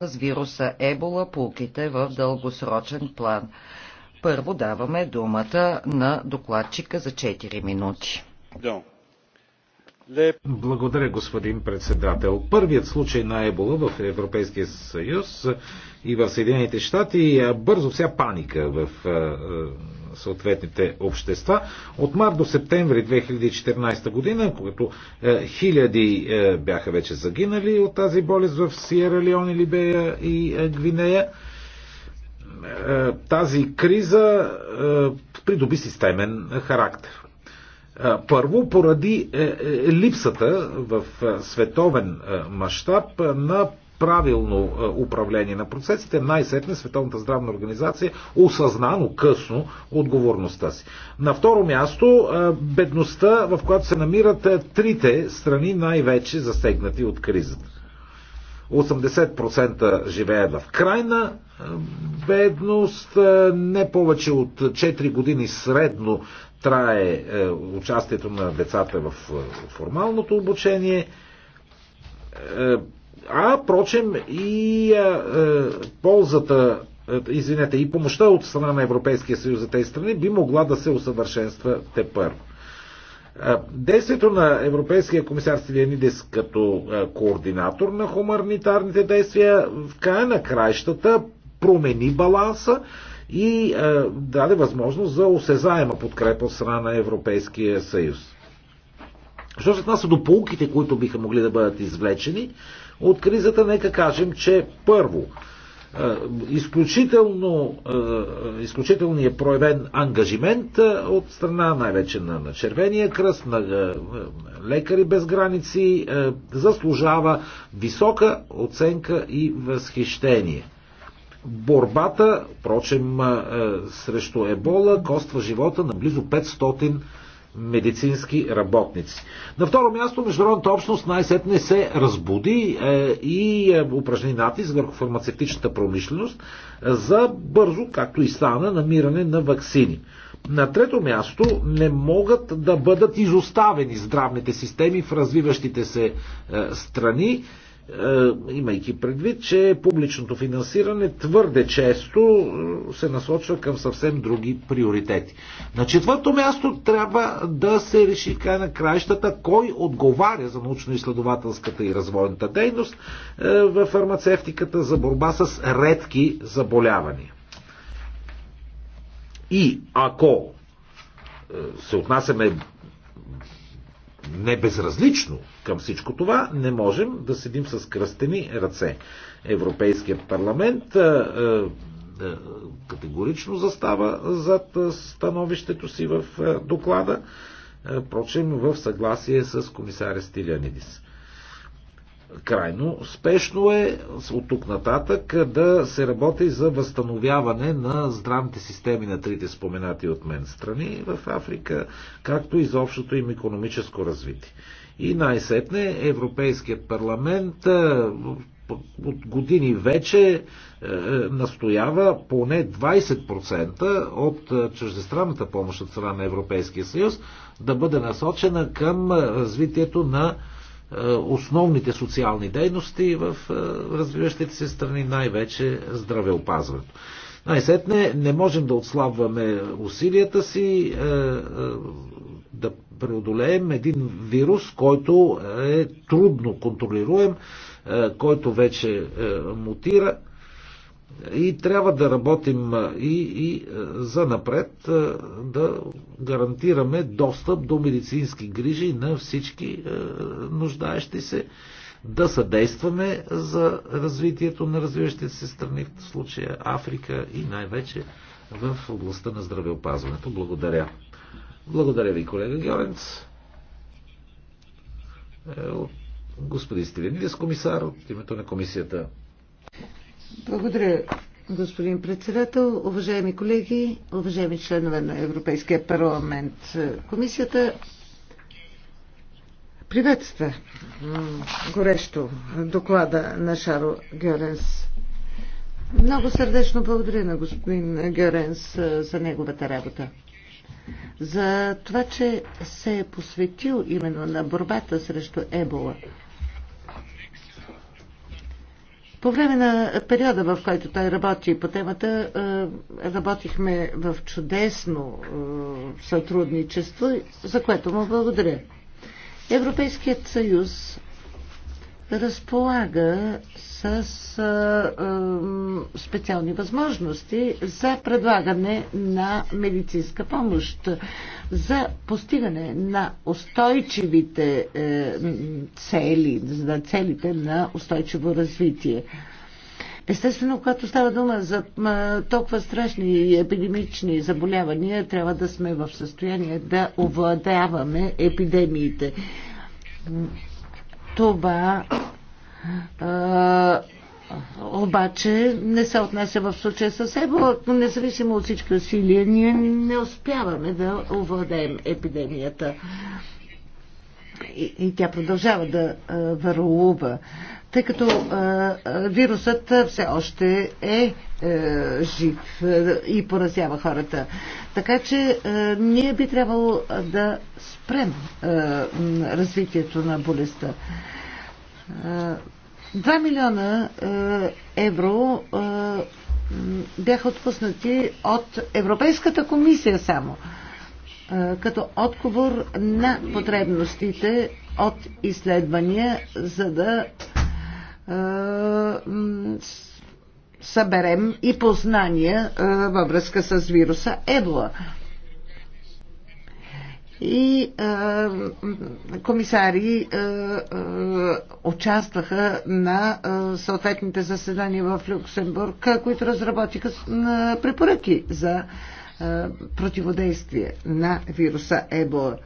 с вируса Ебола, пулките в дългосрочен план. Първо даваме думата на докладчика за 4 минути. Благодаря, господин председател. Първият случай на Ебола в Европейския съюз и в Съединените щати бързо вся паника в съответните общества. От март до септември 2014 година, когато е, хиляди е, бяха вече загинали от тази болест в Сиера Леон, Либея и е, Гвинея, е, тази криза е, придоби системен характер. Е, първо, поради е, е, липсата в световен мащаб на правилно е, управление на процесите, най-сетне Световната здравна организация осъзнано късно отговорността си. На второ място, е, бедността, в която се намират е, трите страни най-вече засегнати от кризата. 80% живеят в крайна бедност, не повече от 4 години средно трае участието на децата в формалното обучение а прочем и а, а, ползата, а, извинете, и помощта от страна на Европейския съюз за тези страни би могла да се усъвършенства те първо. Действието на Европейския комисар Силианидес като координатор на хуманитарните действия в края на краищата промени баланса и даде възможност за осезаема подкрепа от страна на Европейския съюз. Що се отнася до полуките, които биха могли да бъдат извлечени от кризата, нека кажем, че първо, изключително, изключително е проявен ангажимент е, от страна най-вече на, на Червения кръст, на, на е, е, лекари без граници, заслужава висока оценка и възхищение. Борбата, впрочем, срещу ебола коства живота на близо 500 медицински работници. На второ място, международната общност най-сетне се разбуди е, и е, упражни натиск върху фармацевтичната промишленост е, за бързо, както и стана, намиране на вакцини. На трето място, не могат да бъдат изоставени здравните системи в развиващите се страни е, имайки предвид, че публичното финансиране твърде често е, се насочва към съвсем други приоритети. На четвърто място трябва да се реши край на краищата кой отговаря за научно-изследователската и развойната дейност е, в фармацевтиката за борба с редки заболявания. И ако се отнасяме небезразлично към всичко това, не можем да седим с кръстени ръце. Европейският парламент категорично застава зад становището си в доклада, прочим в съгласие с комисаря Стилянидис крайно спешно е от тук нататък да се работи за възстановяване на здравните системи на трите споменати от мен страни в Африка, както и за общото им економическо развитие. И най-сетне Европейският парламент е, от години вече е, настоява поне 20% от е, чуждестранната помощ от страна на Европейския съюз да бъде насочена към развитието на е, основните социални дейности в е, развиващите се страни, най-вече здравеопазването. Най-сетне не можем да отслабваме усилията си е, да преодолеем един вирус, който е трудно контролируем, който вече мутира и трябва да работим и, и за напред да гарантираме достъп до медицински грижи на всички нуждаещи се, да съдействаме за развитието на развиващите се страни, в случая Африка и най-вече в областта на здравеопазването. Благодаря. Благодаря ви, колега Георенц. Е, господин Стилинидис, комисар от името на комисията. Благодаря, господин председател. Уважаеми колеги, уважаеми членове на Европейския парламент. Комисията приветства горещо доклада на Шаро Геренс. Много сърдечно благодаря на господин Геренс за неговата работа. За това, че се е посветил именно на борбата срещу ебола. По време на периода, в който той работи по темата, е, работихме в чудесно е, сътрудничество, за което му благодаря. Европейският съюз разполага с специални възможности за предлагане на медицинска помощ, за постигане на устойчивите е, цели, за целите на устойчиво развитие. Естествено, когато става дума за толкова страшни епидемични заболявания, трябва да сме в състояние да овладяваме епидемиите. Това а, обаче не се отнася в случая с Ебола. Независимо от всички усилия, ние не успяваме да овладеем епидемията и, тя продължава да а, върлува, тъй като а, вирусът все още е а, жив а, и поразява хората. Така че а, ние би трябвало да спрем а, развитието на болестта. 2 милиона евро бяха отпуснати от Европейската комисия само като отговор на потребностите от изследвания, за да съберем и познания във връзка с вируса Ебола. И е, комисари е, е, участваха на е, съответните заседания в Люксембург, които разработиха е, препоръки за е, е, противодействие на вируса Ебола.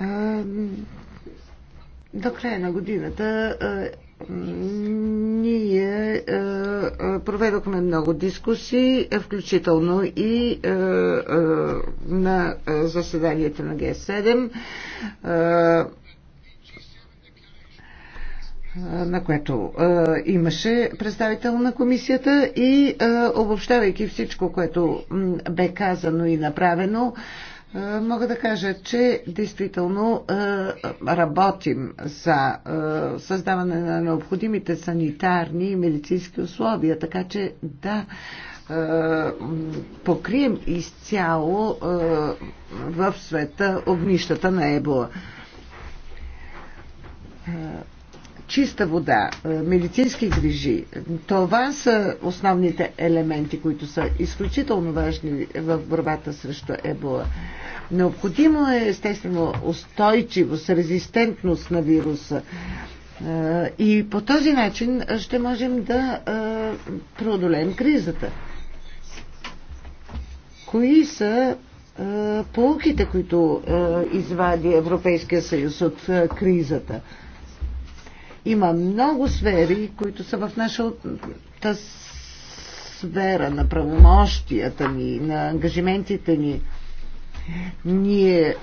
Е, до края на годината е, ние проведохме много дискусии, включително и на заседанието на Г7 на което а, имаше представител на комисията и а, обобщавайки всичко, което м, бе казано и направено, а, мога да кажа, че действително а, работим за а, създаване на необходимите санитарни и медицински условия, така че да покрием изцяло в света огнищата на ебола чиста вода, е, медицински грижи. Това са основните елементи, които са изключително важни в борбата срещу ебола. Необходимо е, естествено, устойчивост, резистентност на вируса. Е, и по този начин ще можем да е, преодолеем кризата. Кои са полуките, които извади Европейския съюз от кризата? Има много сфери, които са в нашата сфера на правомощията ни, на ангажиментите ни. Ние е,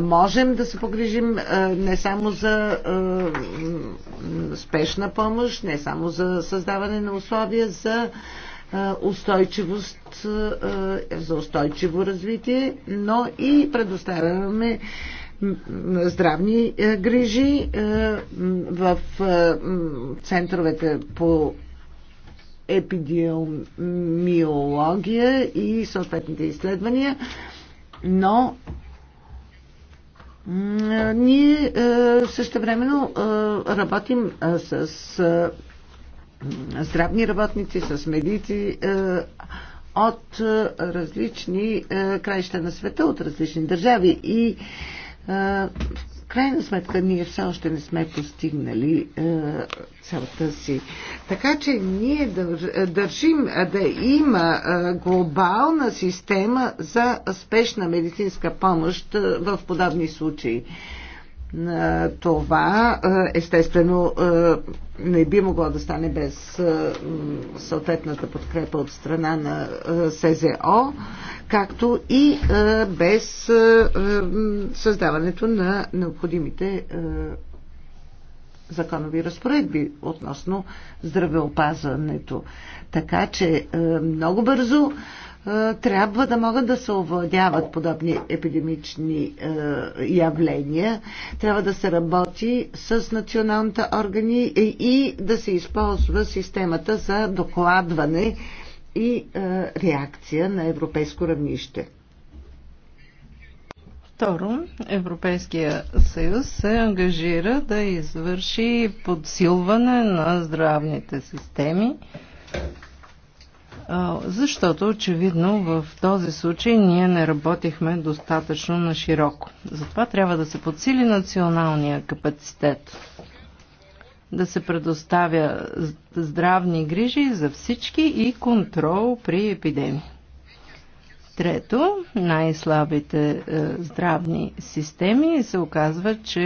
можем да се погрижим е, не само за е, спешна помощ, не само за създаване на условия за е, устойчивост, е, е, за устойчиво развитие, но и предоставяме здравни е, грижи е, в е, центровете по епидемиология и съответните изследвания, но ние също времено работим с здравни работници, с медици от различни краища на света, от различни държави и в крайна сметка ние все още не сме постигнали е, целта си. Така че ние държим да има глобална система за спешна медицинска помощ в подобни случаи. Е, това е, естествено е, не би могло да стане без съответната подкрепа от страна на СЗО, както и без създаването на необходимите законови разпоредби относно здравеопазването. Така че много бързо е, трябва да могат да се овладяват подобни епидемични е, явления. Трябва да се работи с националните органи и да се използва системата за докладване и е, реакция на европейско равнище. Второ, Европейския съюз се ангажира да извърши подсилване на здравните системи защото очевидно в този случай ние не работихме достатъчно на широко. Затова трябва да се подсили националния капацитет. Да се предоставя здравни грижи за всички и контрол при епидемии. Трето, най-слабите е, здравни системи се оказва, че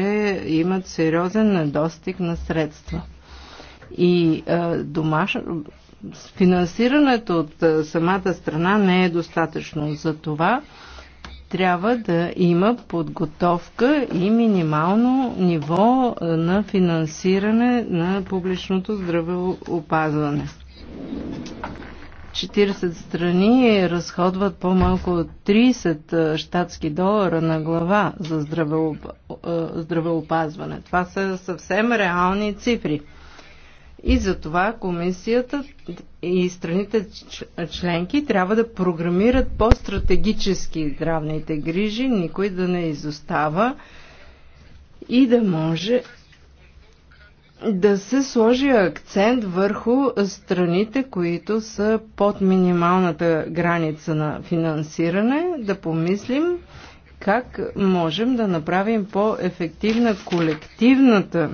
имат сериозен недостиг на средства. И е, домаш финансирането от самата страна не е достатъчно. За това трябва да има подготовка и минимално ниво на финансиране на публичното здравеопазване. 40 страни разходват по-малко от 30 щатски долара на глава за здравеопазване. Това са съвсем реални цифри. И затова комисията и страните членки трябва да програмират по-стратегически здравните грижи, никой да не изостава и да може да се сложи акцент върху страните, които са под минималната граница на финансиране, да помислим как можем да направим по-ефективна колективната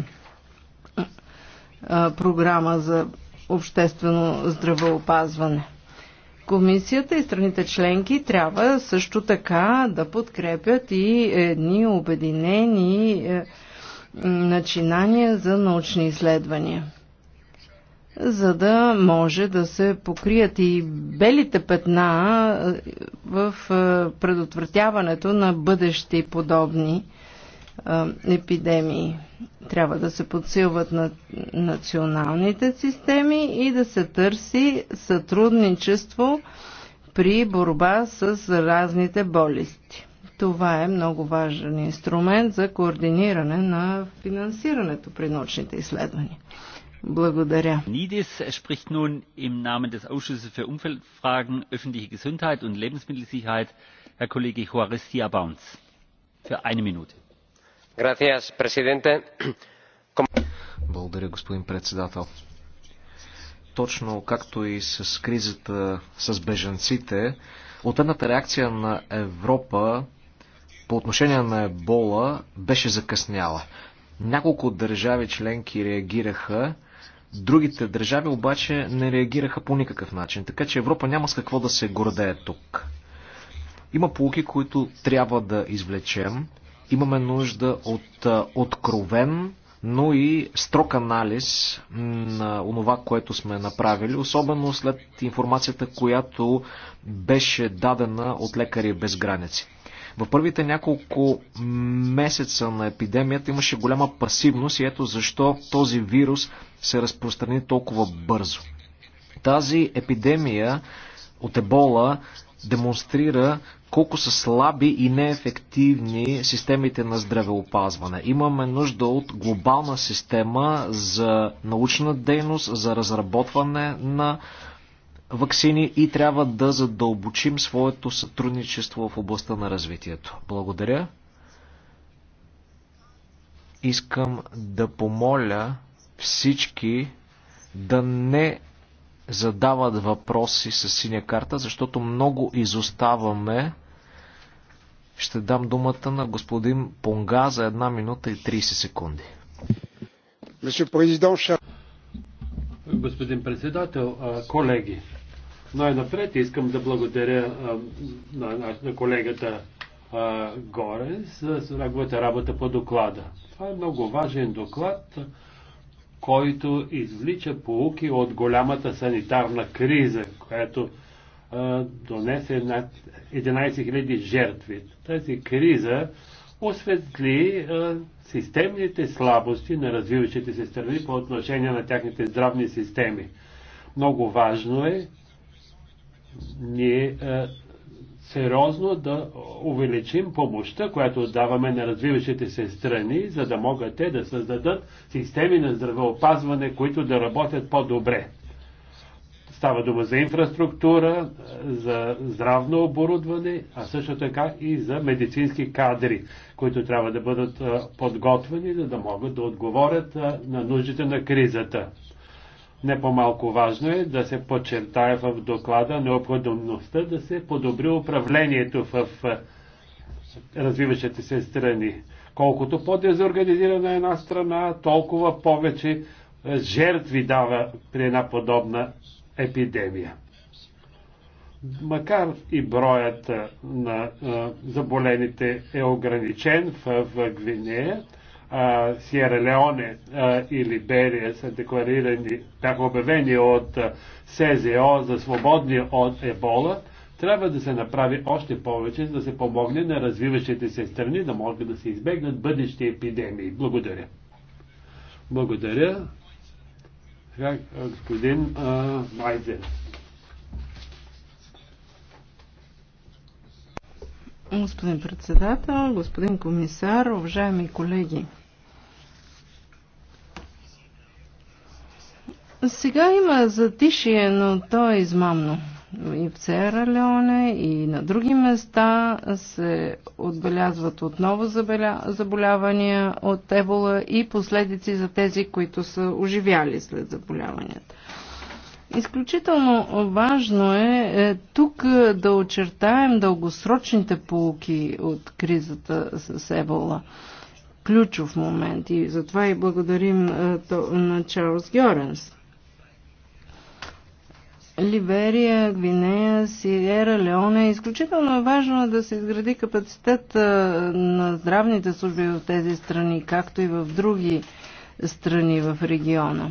програма за обществено здравеопазване. Комисията и страните членки трябва също така да подкрепят и едни обединени е, начинания за научни изследвания, за да може да се покрият и белите петна е, в е, предотвратяването на бъдещи подобни епидемии. Трябва да се подсилват на националните системи и да се търси сътрудничество при борба с разните болести. Това е много важен инструмент за координиране на финансирането при научните изследвания. Благодаря. Нидис, е, spricht nun im Namen des Ausschusses für Umweltfragen, öffentliche Gesundheit und Lebensmittelsicherheit Herr Kollege Juarez Diabauns für eine Minute. Благодаря, господин председател. Точно както и с кризата с бежанците, едната реакция на Европа по отношение на ебола беше закъсняла. Няколко държави членки реагираха, другите държави обаче не реагираха по никакъв начин, така че Европа няма с какво да се гордее тук. Има полуки, които трябва да извлечем. Имаме нужда от откровен, но и строг анализ на онова, което сме направили, особено след информацията, която беше дадена от лекари без граници. В първите няколко месеца на епидемията имаше голяма пасивност и ето защо този вирус се разпространи толкова бързо. Тази епидемия от ебола демонстрира колко са слаби и неефективни системите на здравеопазване. Имаме нужда от глобална система за научна дейност, за разработване на вакцини и трябва да задълбочим своето сътрудничество в областта на развитието. Благодаря. Искам да помоля всички да не задават въпроси с синя карта, защото много изоставаме. Ще дам думата на господин Понга за една минута и 30 секунди. Господин председател, колеги, най-напред искам да благодаря на колегата Горе с неговата работа по доклада. Това е много важен доклад който извлича поуки от голямата санитарна криза, която а, донесе над 11 000 жертви. Тази криза осветли а, системните слабости на развиващите се страни по отношение на тяхните здравни системи. Много важно е ние а, сериозно да увеличим помощта, която даваме на развиващите се страни, за да могат те да създадат системи на здравеопазване, които да работят по-добре. Става дума за инфраструктура, за здравно оборудване, а също така и за медицински кадри, които трябва да бъдат подготвени, за да могат да отговорят на нуждите на кризата. Не по-малко важно е да се подчертае в доклада необходимостта да се подобри управлението в развиващите се страни. Колкото по-дезорганизирана е една страна, толкова повече е, жертви дава при една подобна епидемия. Макар и броят е, на е, заболените е ограничен в Гвинея, Сиера Леоне и Либерия са декларирани, бяха обявени от СЗО за свободни от ебола, трябва да се направи още повече, за да се помогне на развиващите се страни да могат да се избегнат бъдещи епидемии. Благодаря. Благодаря. Господин Майден. Господин председател, господин комисар, уважаеми колеги. Сега има затишие, но то е измамно. И в Сера Леоне, и на други места се отбелязват отново заболявания от ебола и последици за тези, които са оживяли след заболяванията. Изключително важно е, е тук е, да очертаем дългосрочните полуки от кризата с Ебола. Ключов момент и затова и благодарим е, то, на Чарлз Гьоренс. Либерия, Гвинея, Сиера, Леоне. Изключително е важно да се изгради капацитет е, на здравните служби в тези страни, както и в други страни в региона.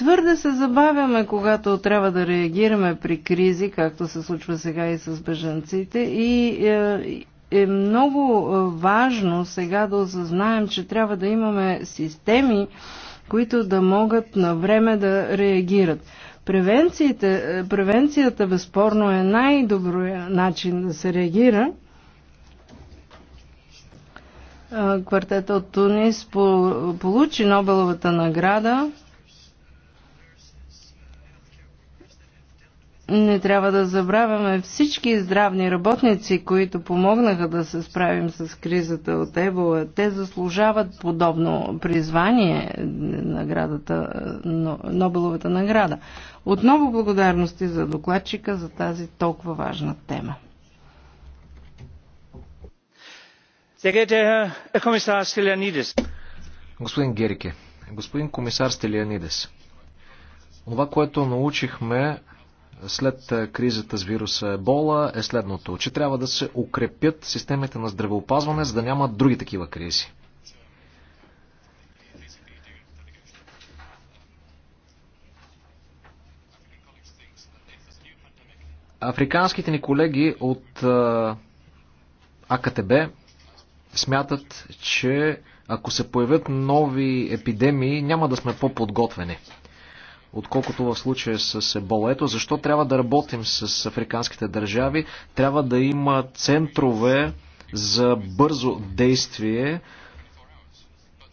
Твърде се забавяме, когато трябва да реагираме при кризи, както се случва сега и с бежанците. И е, е много важно сега да осъзнаем, че трябва да имаме системи, които да могат на време да реагират. Е, превенцията, безспорно е най-добрият начин да се реагира. Е, квартета от Тунис получи Нобеловата награда Не трябва да забравяме всички здравни работници, които помогнаха да се справим с кризата от Ебола. Те заслужават подобно призвание е, наградата, е, Нобеловата награда. Отново благодарности за докладчика за тази толкова важна тема. Господин Герике, господин комисар Стелианидес, това, което научихме след е, кризата с вируса Ебола е следното, че трябва да се укрепят системите на здравеопазване, за да няма други такива кризи. Африканските ни колеги от е, АКТБ смятат, че ако се появят нови епидемии, няма да сме по-подготвени отколкото в случая с Ебола. Ето защо трябва да работим с африканските държави. Трябва да има центрове за бързо действие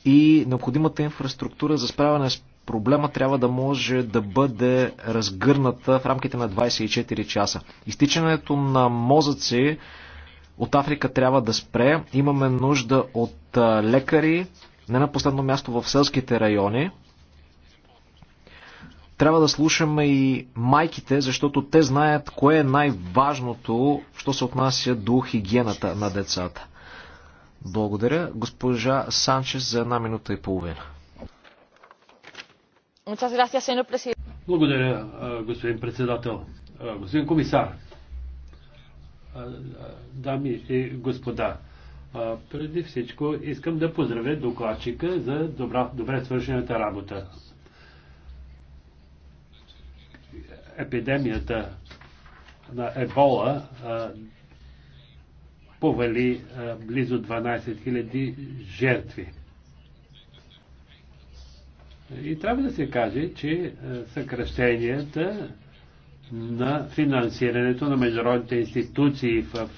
и необходимата инфраструктура за справяне с проблема трябва да може да бъде разгърната в рамките на 24 часа. Изтичането на мозъци от Африка трябва да спре. Имаме нужда от лекари, не на последно място в селските райони. Трябва да слушаме и майките, защото те знаят кое е най-важното, що се отнася до хигиената на децата. Благодаря, госпожа Санчес, за една минута и половина. Благодаря, господин председател. Господин комисар, дами и господа, преди всичко искам да поздравя докладчика за добра, добре свършената работа. епидемията на ебола повали близо 12 000 жертви. И трябва да се каже, че съкръщенията на финансирането на международните институции в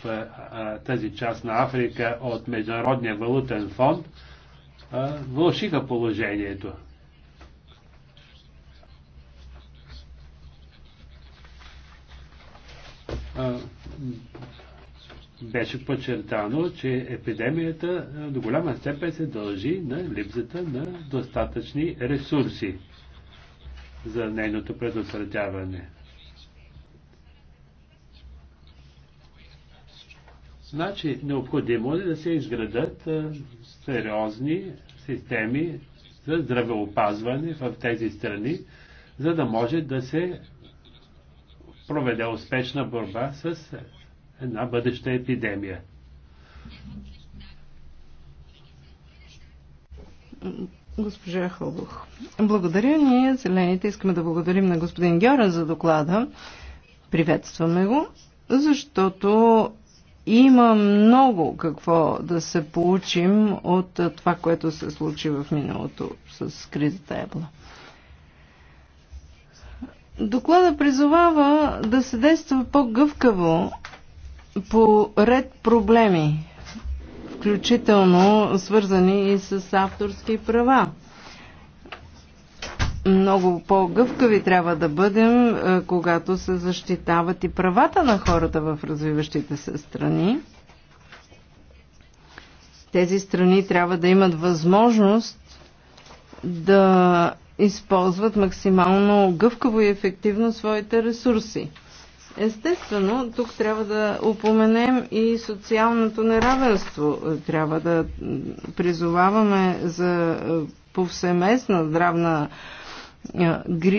тази част на Африка от Международния валутен фонд влошиха положението. беше подчертано, че епидемията до голяма степен се дължи на липсата на достатъчни ресурси за нейното предотвратяване. Значи, необходимо е да се изградат сериозни системи за здравеопазване в тези страни, за да може да се проведе успешна борба с една бъдеща епидемия. Госпожа Хълбух. Благодаря. Ние, зелените, искаме да благодарим на господин Гьора за доклада. Приветстваме го, защото има много какво да се получим от това, което се случи в миналото с кризата Ебла. Доклада призовава да се действа по-гъвкаво по ред проблеми, включително свързани и с авторски права. Много по-гъвкави трябва да бъдем, е, когато се защитават и правата на хората в развиващите се страни. Тези страни трябва да имат възможност да използват максимално гъвкаво и ефективно своите ресурси. Естествено, тук трябва да упоменем и социалното неравенство. Трябва да призоваваме за повсеместна здравна,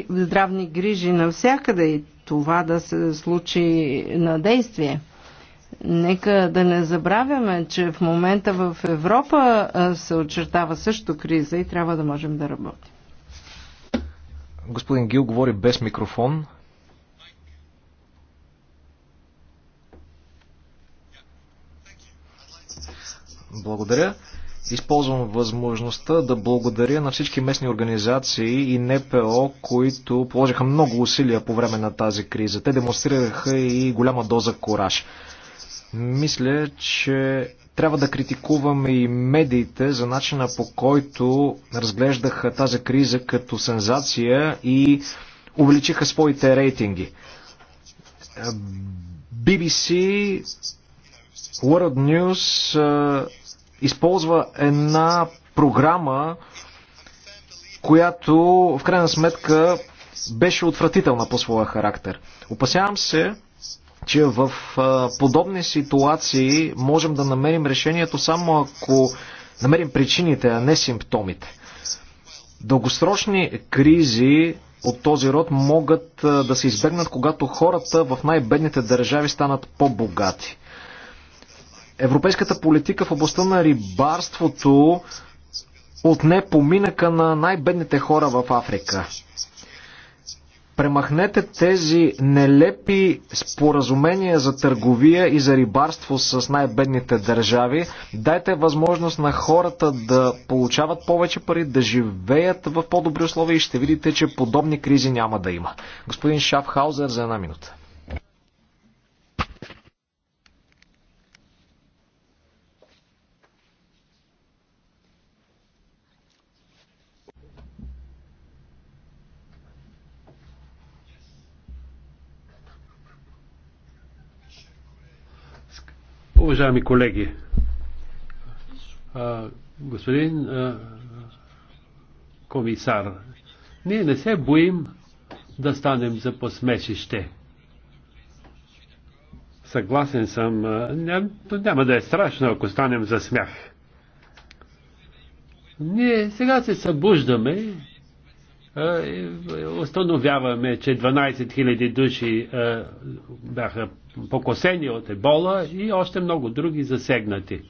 здравни грижи навсякъде и това да се случи на действие. Нека да не забравяме, че в момента в Европа се очертава също криза и трябва да можем да работим. Господин Гил говори без микрофон. Благодаря. Използвам възможността да благодаря на всички местни организации и НПО, които положиха много усилия по време на тази криза. Те демонстрираха и голяма доза кораж. Мисля, че трябва да критикуваме и медиите за начина по който разглеждаха тази криза като сензация и увеличиха своите рейтинги. BBC, World News използва една програма, която в крайна сметка беше отвратителна по своя характер. Опасявам се, че в подобни ситуации можем да намерим решението само ако намерим причините, а не симптомите. Дългосрочни кризи от този род могат да се избегнат, когато хората в най-бедните държави станат по-богати. Европейската политика в областта на рибарството отне поминъка на най-бедните хора в Африка. Премахнете тези нелепи споразумения за търговия и за рибарство с най-бедните държави. Дайте възможност на хората да получават повече пари, да живеят в по-добри условия и ще видите, че подобни кризи няма да има. Господин Шафхаузер за една минута. Уважаеми колеги, господин комисар, ние не се боим да станем за посмешище. Съгласен съм, няма да е страшно, ако станем за смях. Ние сега се събуждаме е, установяваме, че 12 000 души е, бяха покосени от ебола и още много други засегнати.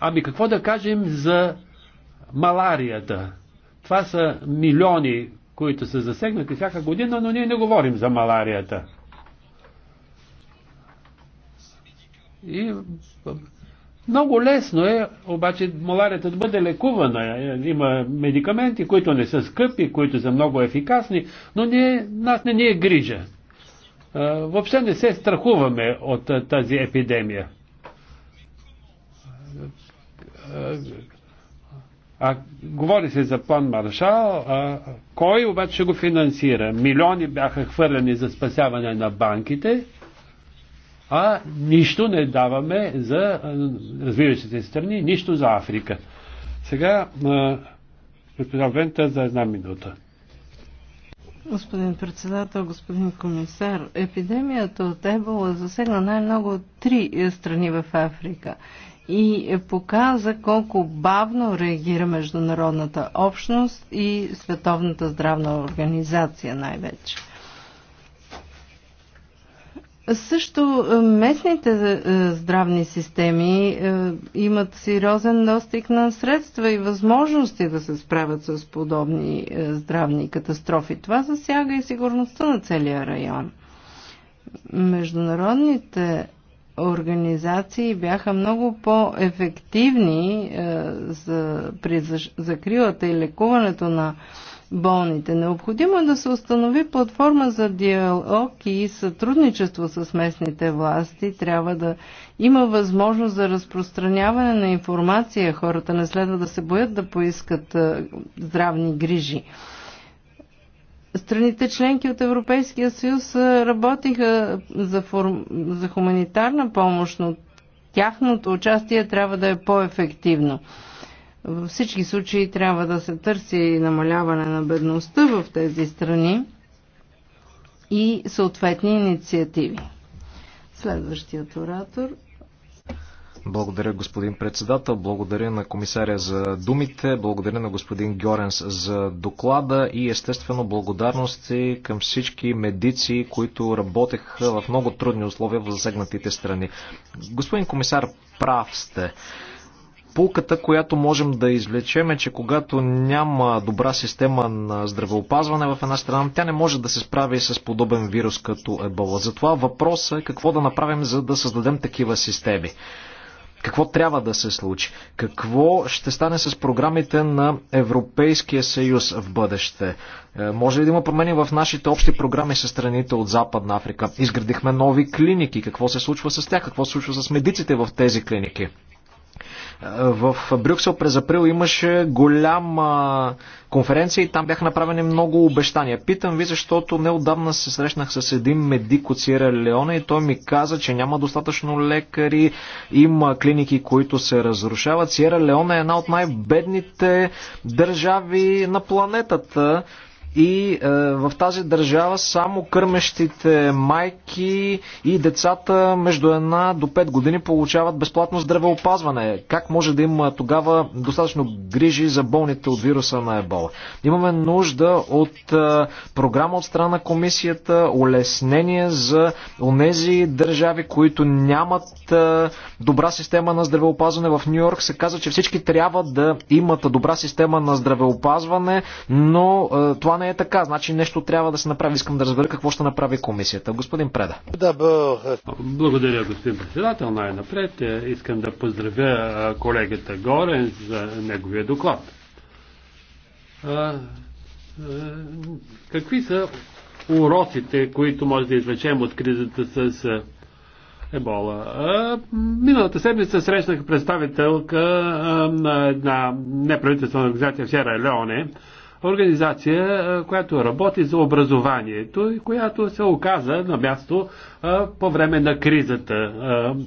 Ами какво да кажем за маларията? Това са милиони, които са засегнати всяка година, но ние не говорим за маларията. И много лесно е, обаче, маларията да бъде лекувана. Има медикаменти, които не са скъпи, които са много ефикасни, но ние, нас не ни е грижа. Въобще не се страхуваме от тази епидемия. А, говори се за план Маршал, а, кой обаче ще го финансира? Милиони бяха хвърлени за спасяване на банките, а нищо не даваме за развиващите страни, нищо за Африка. Сега, господин Вента, за една минута. Господин председател, господин комисар, епидемията от Ебола засегна най-много три е, страни в Африка и показа колко бавно реагира международната общност и Световната здравна организация най-вече. Също е, местните е, здравни системи е, имат сериозен достиг на средства и възможности да се справят с подобни здравни катастрофи. Това засяга и сигурността на целия район. Международните организации бяха много по-ефективни за, при закрилата и лекуването на болните. Необходимо е да се установи платформа за диалог и сътрудничество с местните власти. Трябва да има възможност за разпространяване на информация. Хората не следва да се боят да поискат здравни грижи. Страните членки от Европейския съюз работиха за, форм... за хуманитарна помощ, но тяхното участие трябва да е по-ефективно. Във всички случаи трябва да се търси намаляване на бедността в тези страни и съответни инициативи. Следващият оратор. Благодаря, господин председател. Благодаря на комисаря за думите. Благодаря на господин Гьоренс за доклада и естествено благодарности към всички медици, които работеха в много трудни условия в засегнатите страни. Господин комисар, прав сте. Пулката, която можем да извлечем е, че когато няма добра система на здравеопазване в една страна, тя не може да се справи с подобен вирус като ебола. Затова въпросът е какво да направим, за да създадем такива системи. Какво трябва да се случи? Какво ще стане с програмите на Европейския съюз в бъдеще? Е, може ли да има промени в нашите общи програми с страните от Западна Африка? Изградихме нови клиники. Какво се случва с тях? Какво се случва с медиците в тези клиники? В Брюксел през април имаше голяма конференция и там бяха направени много обещания. Питам ви, защото неодавна се срещнах с един медик от Сиера Леона и той ми каза, че няма достатъчно лекари, има клиники, които се разрушават. Сиера Леона е една от най-бедните държави на планетата и е, в тази държава само кърмещите майки и децата между една до 5 години получават безплатно здравеопазване. Как може да има тогава достатъчно грижи за болните от вируса на ебола? Имаме нужда от е, програма от страна на комисията, улеснение за онези държави, които нямат е, добра система на здравеопазване. В Нью Йорк се казва, че всички трябва да имат добра система на здравеопазване, но е, това не не е така. Значи нещо трябва да се направи. Искам да разбера какво ще направи комисията. Господин Преда. Благодаря, господин председател. Най-напред е, искам да поздравя е, колегата Горен за неговия доклад. Е, какви са уроците, които може да извлечем от кризата с ебола. миналата седмица срещнах представителка на една неправителствена организация в Сера Леоне, организация, която работи за образованието и която се оказа на място по време на кризата,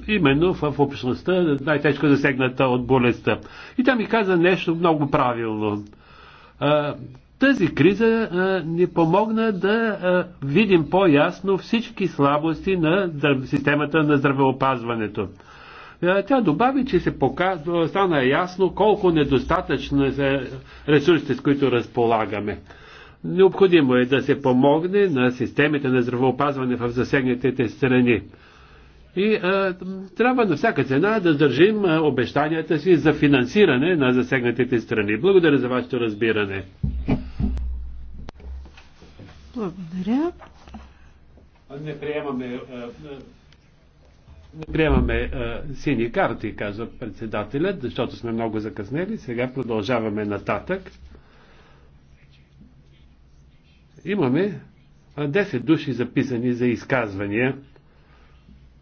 именно в общността, най-тежко засегната от болестта. И тя ми каза нещо много правилно. Тази криза ни помогна да видим по-ясно всички слабости на системата на здравеопазването. Е, тя добави, че се показва, стана ясно колко недостатъчно са е ресурсите, с които разполагаме. Необходимо е да се помогне на системите на здравеопазване в засегнатите страни. И а, е, трябва на всяка цена да държим обещанията си за финансиране на засегнатите страни. Благодаря за вашето разбиране. Благодаря. Не приемаме. А, не приемаме а, е, сини карти, казва председателят, защото сме много закъснели. Сега продължаваме нататък. Имаме 10 е, души записани за изказвания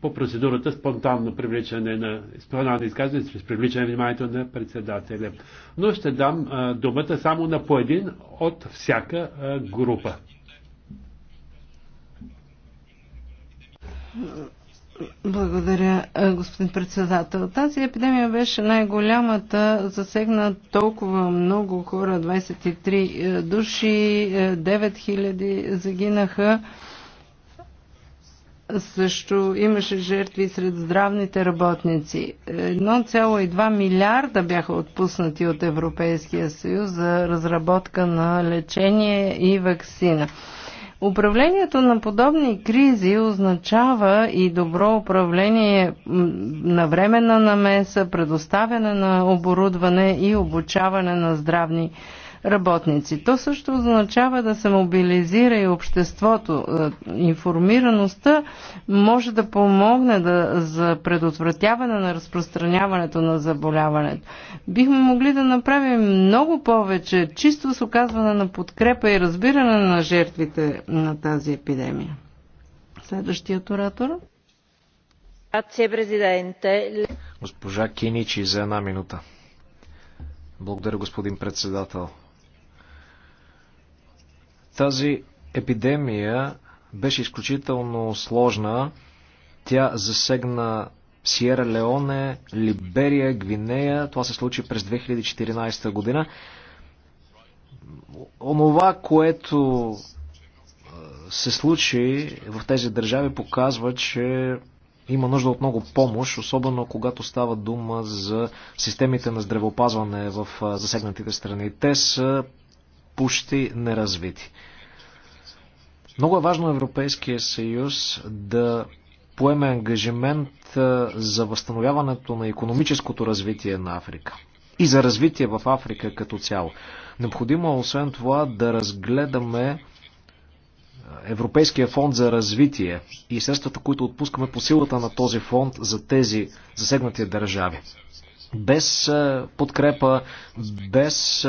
по процедурата спонтанно привличане на спонтанно изказване чрез привличане на вниманието на председателя. Но ще дам а, е, думата само на по един от всяка а, група. Благодаря, господин председател. Тази епидемия беше най-голямата, засегна толкова много хора, 23 е, души, 9000 е, загинаха. Също имаше жертви сред здравните работници. 1,2 милиарда бяха отпуснати от Европейския съюз за разработка на лечение и вакцина. Управлението на подобни кризи означава и добро управление на временна намеса, предоставяне на оборудване и обучаване на здравни работници. То също означава да се мобилизира и обществото. Е, информираността може да помогне да, за предотвратяване на разпространяването на заболяването. Бихме могли да направим много повече, чисто с оказване на подкрепа и разбиране на жертвите на тази епидемия. Следващият оратор. Госпожа Киничи за една минута. Благодаря, господин председател. Тази епидемия беше изключително сложна. Тя засегна Сиера Леоне, Либерия, Гвинея. Това се случи през 2014 година. Онова, което се случи в тези държави, показва, че има нужда от много помощ, особено когато става дума за системите на здравеопазване в засегнатите страни. Те са почти неразвити. Много е важно Европейския съюз да поеме ангажимент за възстановяването на економическото развитие на Африка и за развитие в Африка като цяло. Необходимо е освен това да разгледаме Европейския фонд за развитие и средствата, които отпускаме по силата на този фонд за тези засегнати държави без подкрепа, без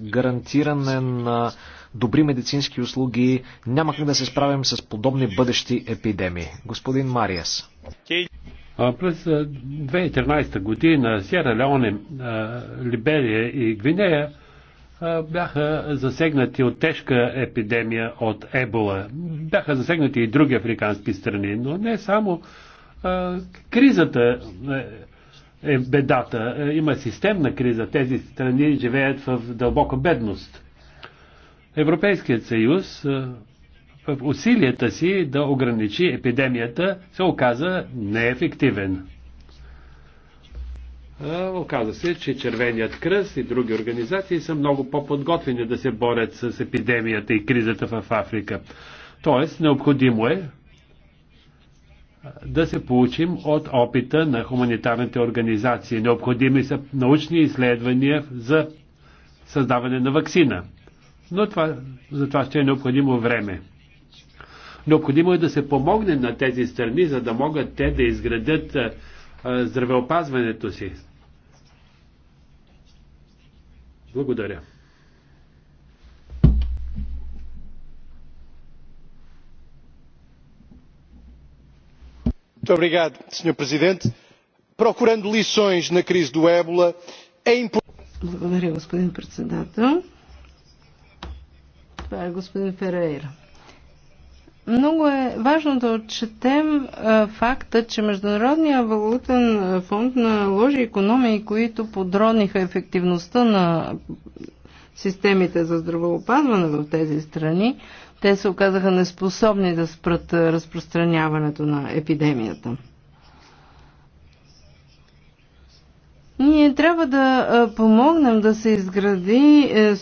гарантиране на добри медицински услуги, няма как да се справим с подобни бъдещи епидемии. Господин Мариас. През 2013 година Сиера Леоне, Либерия и Гвинея бяха засегнати от тежка епидемия от ебола. Бяха засегнати и други африкански страни, но не само кризата е, е бедата. Е, има системна криза. Тези страни живеят в дълбока бедност. Европейският съюз е, в усилията си да ограничи епидемията се оказа неефективен. Е, оказа се, че Червеният кръст и други организации са много по-подготвени да се борят с епидемията и кризата в Африка. Тоест, необходимо е да се получим от опита на хуманитарните организации. Необходими са научни изследвания за създаване на вакцина. Но това, за това ще е необходимо време. Необходимо е да се помогне на тези страни, за да могат те да изградят здравеопазването си. Благодаря. senhor presidente procurando lições na crise do ébola é. Благодаря, господин председател. Това е господин Ферейра. Много е важно да отчетем факта, че Международния валутен фонд наложи економии, които подронниха ефективността на системите за здравеопазване в тези страни, те се оказаха неспособни да спрат разпространяването на епидемията. Ние трябва да помогнем да се изгради е,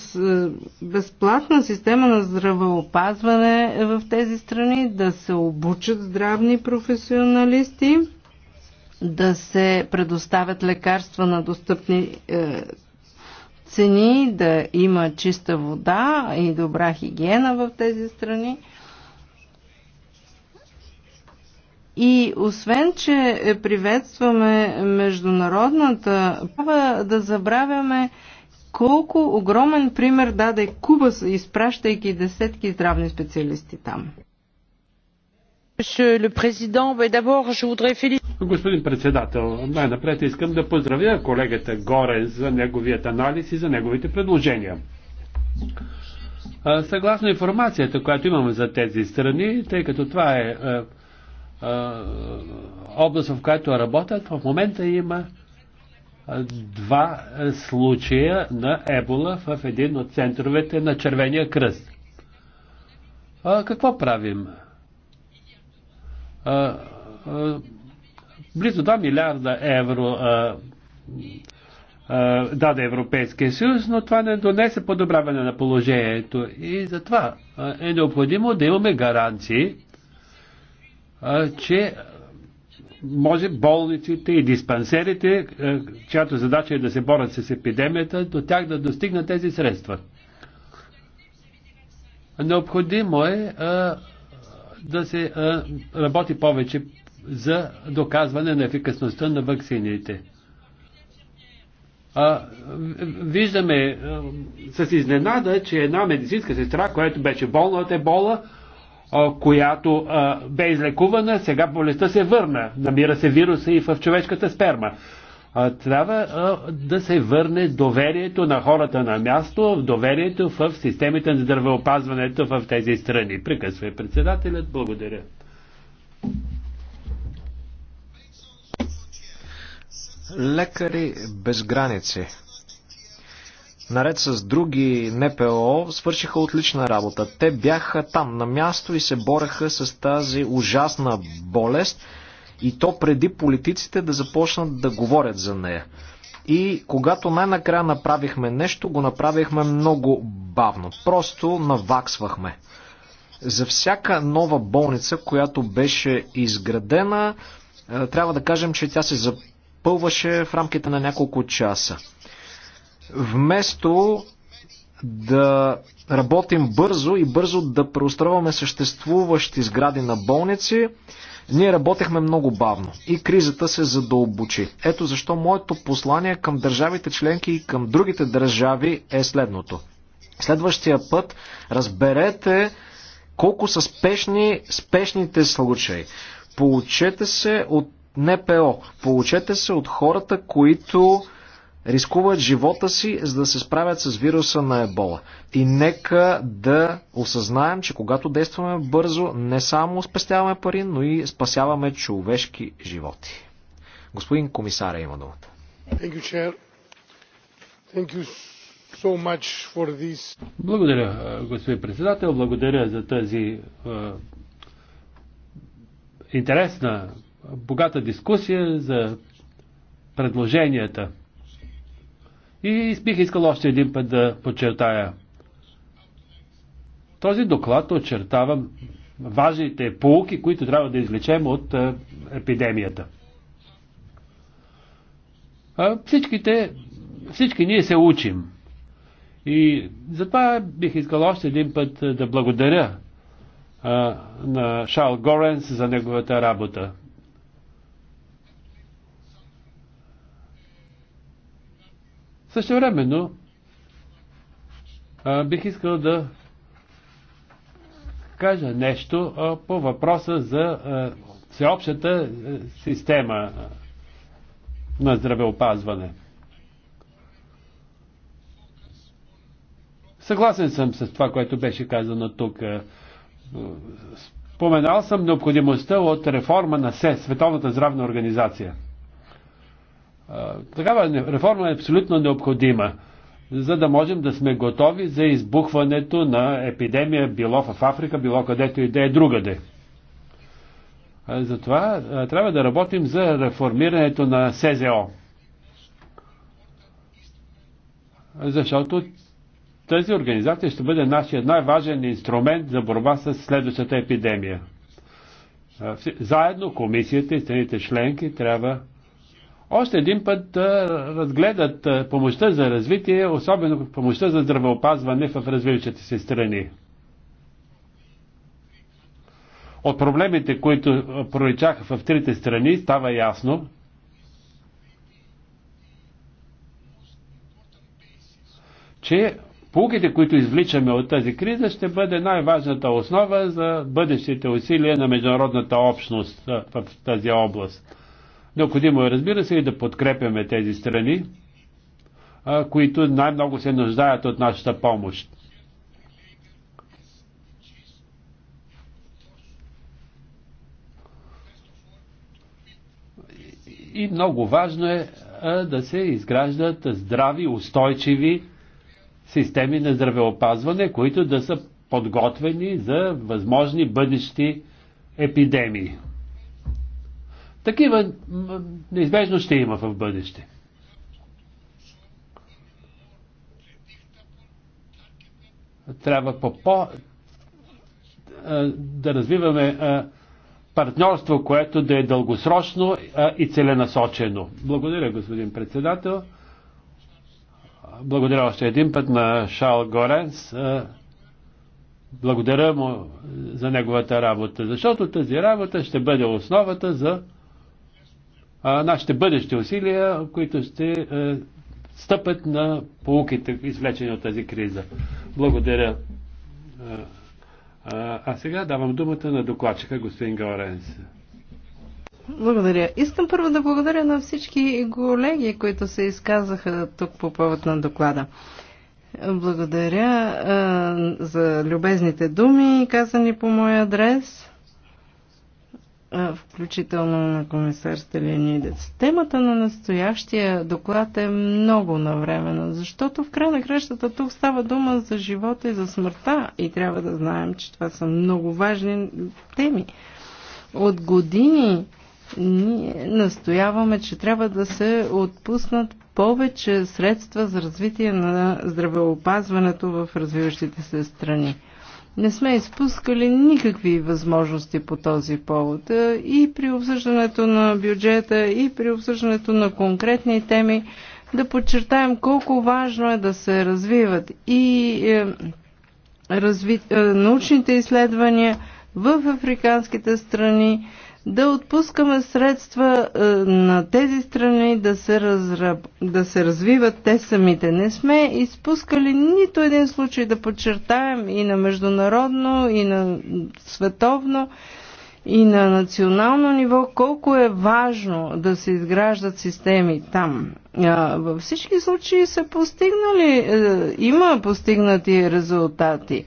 безплатна система на здравеопазване в тези страни, да се обучат здравни професионалисти, да се предоставят лекарства на достъпни е, цени, да има чиста вода и добра хигиена в тези страни. И освен, че приветстваме международната, трябва да забравяме колко огромен пример даде Куба, изпращайки десетки здравни специалисти там. Господин председател, най-напред искам да поздравя колегата Горе за неговият анализ и за неговите предложения. Съгласно информацията, която имаме за тези страни, тъй като това е, е, е област, в която работят, в момента има е, два случая на ебола в един от центровете на Червения кръст. Какво правим? близо 2 милиарда евро даде Европейския съюз, но това не донесе подобряване на положението. И затова е необходимо да имаме гаранции, че може болниците и диспансерите, чиято задача е да се борят с епидемията, до тях да достигнат тези средства. Необходимо е да се работи повече за доказване на ефикасността на вакцините. А, виждаме а, с изненада, че една медицинска сестра, която беше болна от ебола, а, която а, бе излекувана, сега болестта се върна. Намира се вируса и в човешката сперма трябва да се върне доверието на хората на място, доверието в системите на здравеопазването в тези страни. Прекъсва е председателят. Благодаря. Лекари без граници. Наред с други НПО свършиха отлична работа. Те бяха там на място и се бореха с тази ужасна болест – и то преди политиците да започнат да говорят за нея. И когато най-накрая направихме нещо, го направихме много бавно. Просто наваксвахме. За всяка нова болница, която беше изградена, е, трябва да кажем, че тя се запълваше в рамките на няколко часа. Вместо да работим бързо и бързо да преустройваме съществуващи сгради на болници, ние работехме много бавно и кризата се задълбочи. Ето защо моето послание към държавите членки и към другите държави е следното. Следващия път разберете колко са спешни спешните случаи. Получете се от НПО, получете се от хората, които рискуват живота си, за да се справят с вируса на ебола. И нека да осъзнаем, че когато действаме бързо, не само спестяваме пари, но и спасяваме човешки животи. Господин комисаря има думата. Благодаря, господин председател. Благодаря за тази е, интересна, богата дискусия, за предложенията. И бих искал още един път да подчертая. Този доклад очертава важните полуки, които трябва да извлечем от е, епидемията. Всичките, всички ние се учим. И затова бих искал още един път да благодаря на Шал Горенс за неговата работа. Също а, бих искал да кажа нещо а, по въпроса за а, всеобщата а, система на здравеопазване. Съгласен съм с това, което беше казано тук. Споменал съм необходимостта от реформа на СЕ, Световната здравна организация. Такава реформа е абсолютно необходима, за да можем да сме готови за избухването на епидемия, било в Африка, било където и да е другаде. Затова трябва да работим за реформирането на СЗО. Защото тази организация ще бъде нашия най-важен инструмент за борба с следващата епидемия. Заедно комисията и страните членки трябва още един път разгледат помощта за развитие, особено помощта за здравеопазване в развиващите се страни. От проблемите, които проличаха в трите страни, става ясно, че Полуките, които извличаме от тази криза, ще бъде най-важната основа за бъдещите усилия на международната общност в тази област. Необходимо е, разбира се, и да подкрепяме тези страни, които най-много се нуждаят от нашата помощ. И много важно е да се изграждат здрави, устойчиви системи на здравеопазване, които да са подготвени за възможни бъдещи епидемии. Такива неизбежно ще има в бъдеще. Трябва по по да развиваме партньорство, което да е дългосрочно и целенасочено. Благодаря, господин председател. Благодаря още един път на Шал Горенс. Благодаря му за неговата работа, защото тази работа ще бъде основата за а, нашите бъдещи усилия, които ще а, е, стъпят на полуките, извлечени от тази криза. Благодаря. А, е, е, а сега давам думата на докладчика господин Гаоренс. Благодаря. Искам първо да благодаря на всички колеги, които се изказаха тук по повод на доклада. Благодаря а, за любезните думи, казани по мой адрес включително на комисар Сталинидец. Темата на настоящия доклад е много навремена, защото в край на кръщата тук става дума за живота и за смъртта и трябва да знаем, че това са много важни теми. От години ние настояваме, че трябва да се отпуснат повече средства за развитие на здравеопазването в развиващите се страни. Не сме изпускали никакви възможности по този повод. Е, и при обсъждането на бюджета, и при обсъждането на конкретни теми, да подчертаем колко важно е да се развиват и е, разви, е, научните изследвания в африканските страни, да отпускаме средства е, на тези страни да се, разраб... да се развиват те самите. Не сме изпускали нито един случай да подчертаем и на международно, и на световно, и на национално ниво колко е важно да се изграждат системи там. Е, във всички случаи са постигнали, е, има постигнати резултати.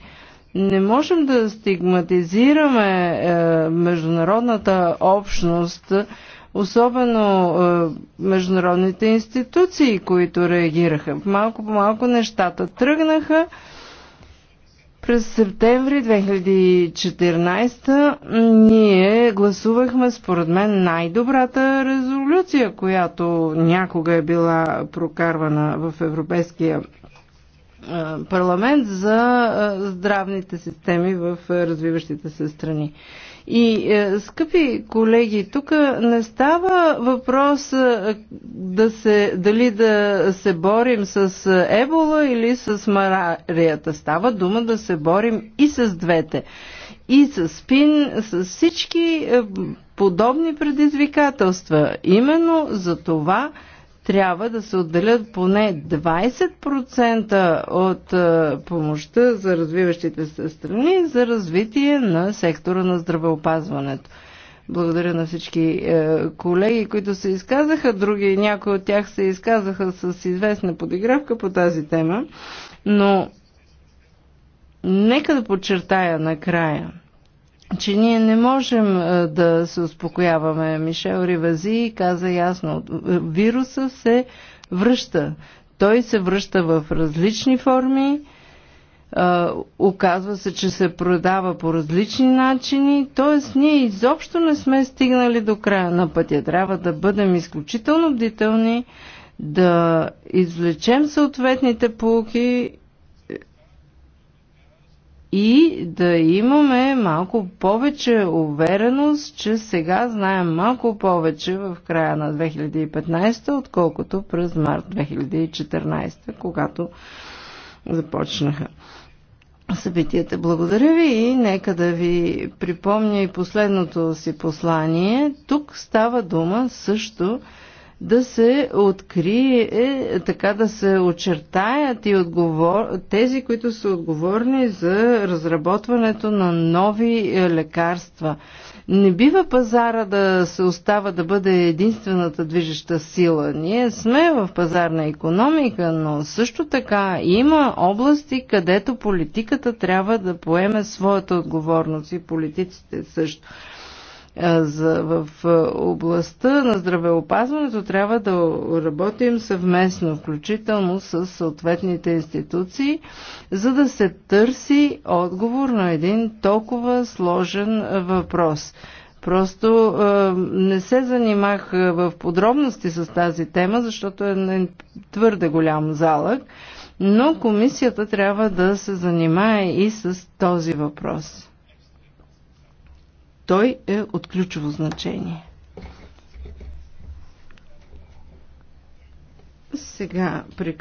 Не можем да стигматизираме е, международната общност, особено е, международните институции, които реагираха. Малко по малко нещата тръгнаха. През септември 2014 ние гласувахме според мен най-добрата резолюция, която някога е била прокарвана в Европейския парламент за здравните системи в развиващите се страни. И, скъпи колеги, тук не става въпрос да се, дали да се борим с ебола или с марарията. Става дума да се борим и с двете. И с спин, с всички подобни предизвикателства. Именно за това трябва да се отделят поне 20% от е, помощта за развиващите се страни за развитие на сектора на здравеопазването. Благодаря на всички е, колеги, които се изказаха. Други, някои от тях се изказаха с известна подигравка по тази тема. Но нека да подчертая накрая – че ние не можем е, да се успокояваме. Мишел Ривази каза ясно, е, вируса се връща. Той се връща в различни форми, е, оказва се, че се продава по различни начини, т.е. ние изобщо не сме стигнали до края на пътя. Трябва да бъдем изключително бдителни, да извлечем съответните полуки и да имаме малко повече увереност, че сега знаем малко повече в края на 2015, отколкото през март 2014, когато започнаха събитията. Благодаря ви и нека да ви припомня и последното си послание. Тук става дума също да се открие, е, така да се очертаят и отговор... тези, които са отговорни за разработването на нови е, лекарства. Не бива пазара да се остава да бъде единствената движеща сила. Ние сме в пазарна економика, но също така има области, където политиката трябва да поеме своята отговорност и политиците също за, в областта на здравеопазването трябва да работим съвместно, включително с съответните институции, за да се търси отговор на един толкова сложен въпрос. Просто е, не се занимах в подробности с тази тема, защото е твърде голям залък, но комисията трябва да се занимае и с този въпрос. Той е от ключово значение. Сега приключваме.